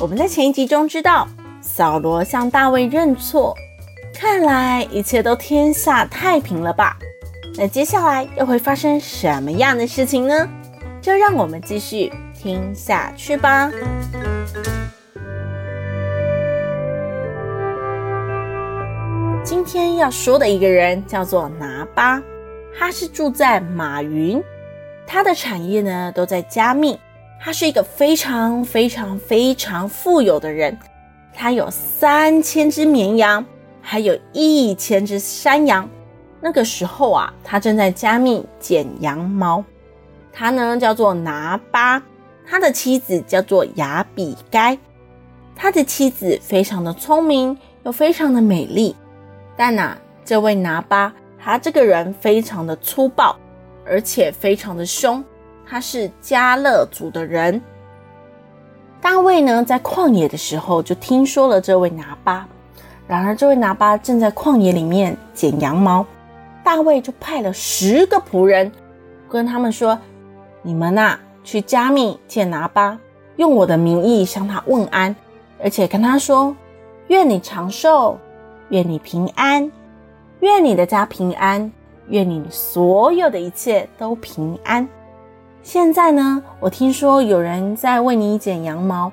我們在前一集中知道，掃羅向大衛認錯，看來一切都天下太平了吧？那接下來又會發生什麼樣的事情呢？就讓我們繼續聽下去吧。今天要說的一個人叫做拿八，他是住在瑪雲，他的產業呢都在迦密。他是一個非常非常非常富有的人，他有三千隻綿羊，還有一千隻山羊。那個時候啊，他正在迦密剪羊毛。他呢叫做拿八，他的妻子叫做亞比該。他的妻子非常的聰明，又非常的美麗。但啊，這位拿八他這個人非常的粗暴，而且非常的兇。他是迦勒族的人。大衛呢，在曠野的時候就聽說了這位拿八。然而，這位拿八正在曠野裡面剪羊毛。大衛就派了十個僕人，跟他們說：“你們吶、啊，去加密見拿八，用我的名義向他問安，而且跟他說：‘願你長壽，願你平安，願你的家平安，願你所有的一切都平安。’”現在呢，我聽說有人在為你剪羊毛。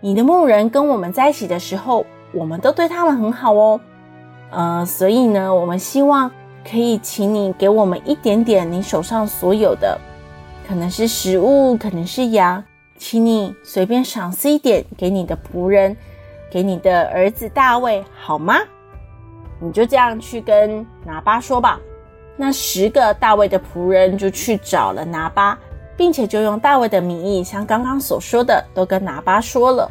你的牧人跟我們在一起的時候，我們都對他們很好哦。呃，所以呢，我們希望可以請你給我們一點點你手上所有的，可能是食物，可能是羊，請你隨便賞賜一點給你的僕人，給你的兒子大衛，好嗎？你就這樣去跟拿八說吧。那十個大衛的僕人就去找了拿八。並且就用大衛的名義，像剛剛所說的，都跟拿八說了。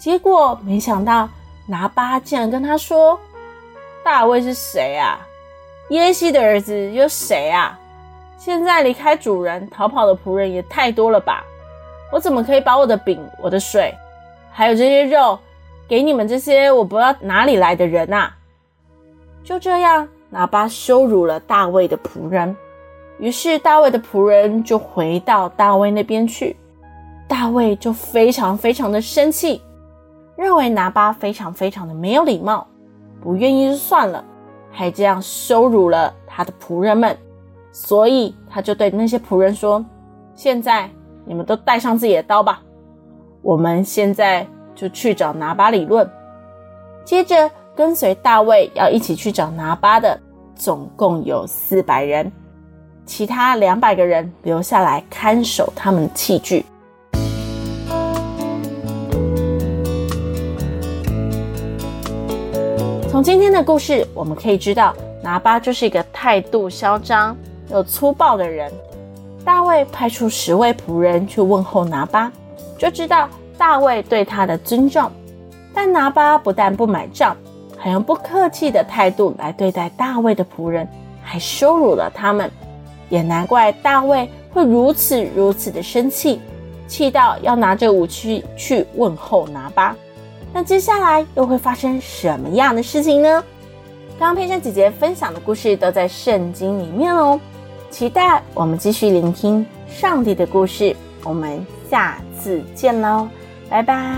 結果沒想到，拿八竟然跟他說：“大衛是誰啊？耶西的兒子又誰啊？現在離開主人逃跑的僕人也太多了吧？我怎麼可以把我的餅、我的水，還有這些肉，給你們這些我不知道哪裡來的人啊？”就這樣，拿八羞辱了大衛的僕人。於是大衛的僕人就回到大衛那邊去，大衛就非常非常的生氣，認為拿巴非常非常的沒有禮貌，不願意就算了，還這樣羞辱了他的僕人們，所以他就對那些僕人說：“現在你們都帶上自己的刀吧，我們現在就去找拿巴理論。”接着跟隨大衛要一起去找拿巴的總共有四百人。其他兩百個人留下來看守他們的器具。從今天的故事，我們可以知道，拿八就是一個態度囂張又粗暴的人。大衛派出十位僕人去問候拿八，就知道大衛對他的尊重。但拿八不但不買賬，還用不客氣的態度來對待大衛的僕人，還羞辱了他們。也難怪大衛會如此如此的生氣，氣到要拿着武器去問候拿八。那接下來又會發生什麼樣的事情呢？剛剛佩珊姐姐分享的故事都在聖經裡面哦、喔，期待我們繼續聆聽上帝的故事。我們下次見嘍，拜拜。